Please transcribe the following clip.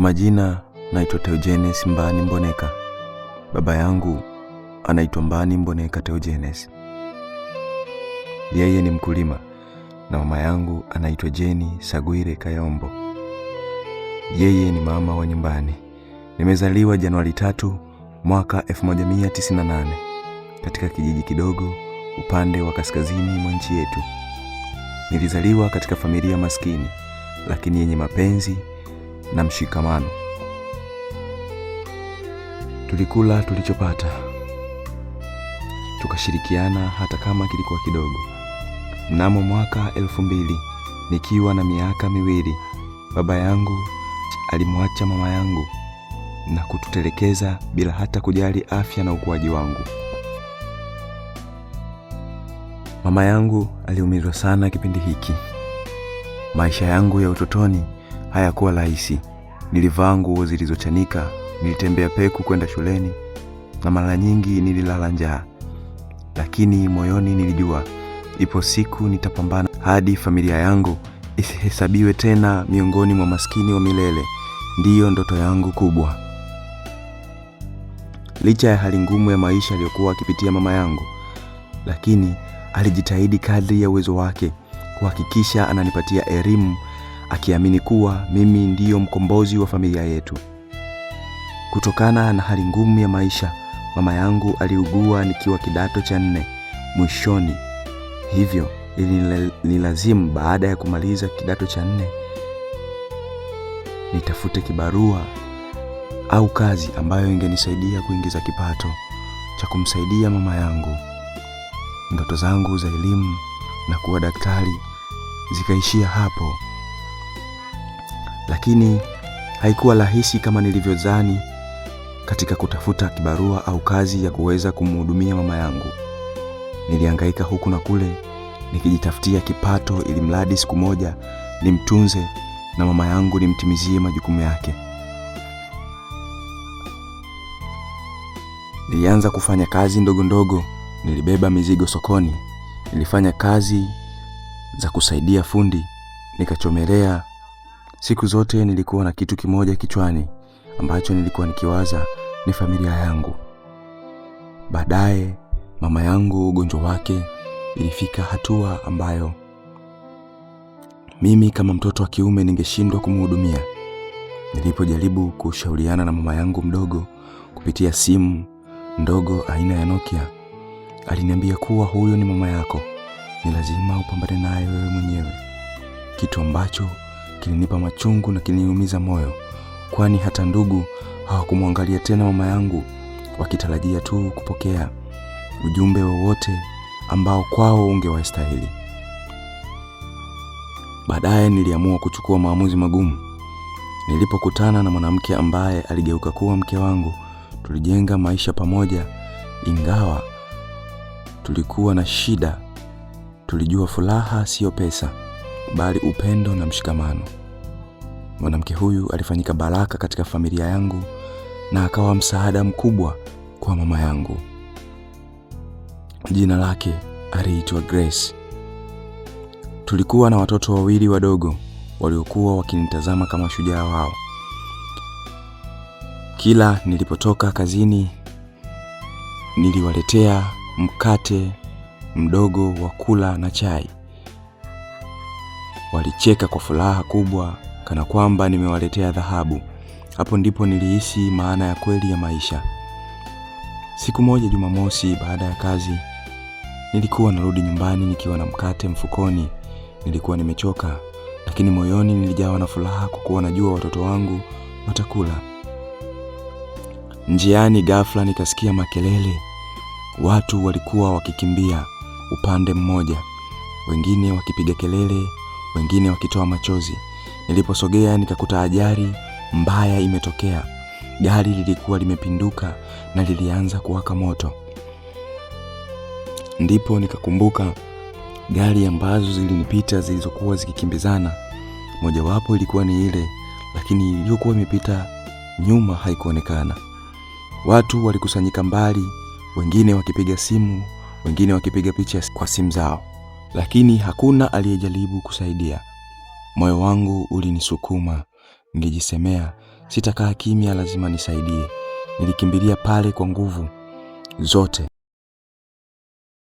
Kwa majina naitwa Teogenes Mbani Mboneka. Baba yangu anaitwa Mbani Mboneka teogenes yeye ni mkulima, na mama yangu anaitwa Jeni Sagwire Kayombo, yeye ni mama wa nyumbani. Nimezaliwa Januari tatu mwaka 1998 katika kijiji kidogo upande wa kaskazini mwa nchi yetu. Nilizaliwa katika familia maskini lakini yenye mapenzi na mshikamano. Tulikula tulichopata, tukashirikiana hata kama kilikuwa kidogo. Mnamo mwaka elfu mbili nikiwa na miaka miwili, baba yangu alimwacha mama yangu na kututelekeza bila hata kujali afya na ukuaji wangu. Mama yangu aliumizwa sana kipindi hiki. Maisha yangu ya utotoni hayakuwa rahisi. Nilivaa nguo zilizochanika, nilitembea peku kwenda shuleni, na mara nyingi nililala njaa, lakini moyoni nilijua ipo siku nitapambana hadi familia yangu isihesabiwe tena miongoni mwa maskini wa milele. Ndiyo ndoto yangu kubwa. Licha ya hali ngumu ya maisha aliyokuwa akipitia mama yangu, lakini alijitahidi kadri ya uwezo wake kuhakikisha ananipatia elimu akiamini kuwa mimi ndiyo mkombozi wa familia yetu. Kutokana na hali ngumu ya maisha, mama yangu aliugua nikiwa kidato cha nne mwishoni, hivyo ni lazimu baada ya kumaliza kidato cha nne nitafute kibarua au kazi ambayo ingenisaidia kuingiza kipato cha kumsaidia mama yangu. Ndoto zangu za elimu na kuwa daktari zikaishia hapo lakini haikuwa rahisi kama nilivyodhani katika kutafuta kibarua au kazi ya kuweza kumhudumia mama yangu. Nilihangaika huku na kule nikijitafutia kipato, ili mradi siku moja nimtunze na mama yangu nimtimizie majukumu yake. Nilianza kufanya kazi ndogo ndogo, nilibeba mizigo sokoni, nilifanya kazi za kusaidia fundi, nikachomelea Siku zote nilikuwa na kitu kimoja kichwani ambacho nilikuwa nikiwaza ni familia yangu. Baadaye mama yangu ugonjwa wake ilifika hatua ambayo mimi kama mtoto wa kiume ningeshindwa kumhudumia. Nilipojaribu kushauriana na mama yangu mdogo kupitia simu ndogo aina ya Nokia, aliniambia kuwa huyo ni mama yako, ni lazima upambane naye wewe mwenyewe, kitu ambacho kilinipa machungu na kiliniumiza moyo, kwani hata ndugu hawakumwangalia tena mama yangu, wakitarajia tu kupokea ujumbe wowote ambao kwao ungewastahili. Baadaye niliamua kuchukua maamuzi magumu. Nilipokutana na mwanamke ambaye aligeuka kuwa mke wangu, tulijenga maisha pamoja, ingawa tulikuwa na shida. Tulijua furaha siyo pesa bali upendo na mshikamano. Mwanamke huyu alifanyika baraka katika familia yangu na akawa msaada mkubwa kwa mama yangu. Jina lake aliitwa Grace. Tulikuwa na watoto wawili wadogo waliokuwa wakinitazama kama shujaa wao. Kila nilipotoka kazini, niliwaletea mkate mdogo wa kula na chai. Walicheka kwa furaha kubwa, kana kwamba nimewaletea dhahabu. Hapo ndipo nilihisi maana ya kweli ya maisha. Siku moja Jumamosi, baada ya kazi, nilikuwa narudi nyumbani nikiwa na mkate mfukoni. Nilikuwa nimechoka, lakini moyoni nilijawa na furaha kwa kuwa najua watoto wangu watakula. Njiani ghafla nikasikia makelele. Watu walikuwa wakikimbia upande mmoja, wengine wakipiga kelele wengine wakitoa machozi. Niliposogea nikakuta ajali mbaya imetokea. Gari lilikuwa limepinduka na lilianza kuwaka moto. Ndipo nikakumbuka gari ambazo zilinipita zilizokuwa zikikimbizana. Mojawapo ilikuwa ni ile, lakini iliyokuwa imepita nyuma haikuonekana. Watu walikusanyika mbali, wengine wakipiga simu, wengine wakipiga picha kwa simu zao lakini hakuna aliyejaribu kusaidia. Moyo wangu ulinisukuma, nilijisemea, sitakaa kimya, lazima nisaidie. Nilikimbilia pale kwa nguvu zote.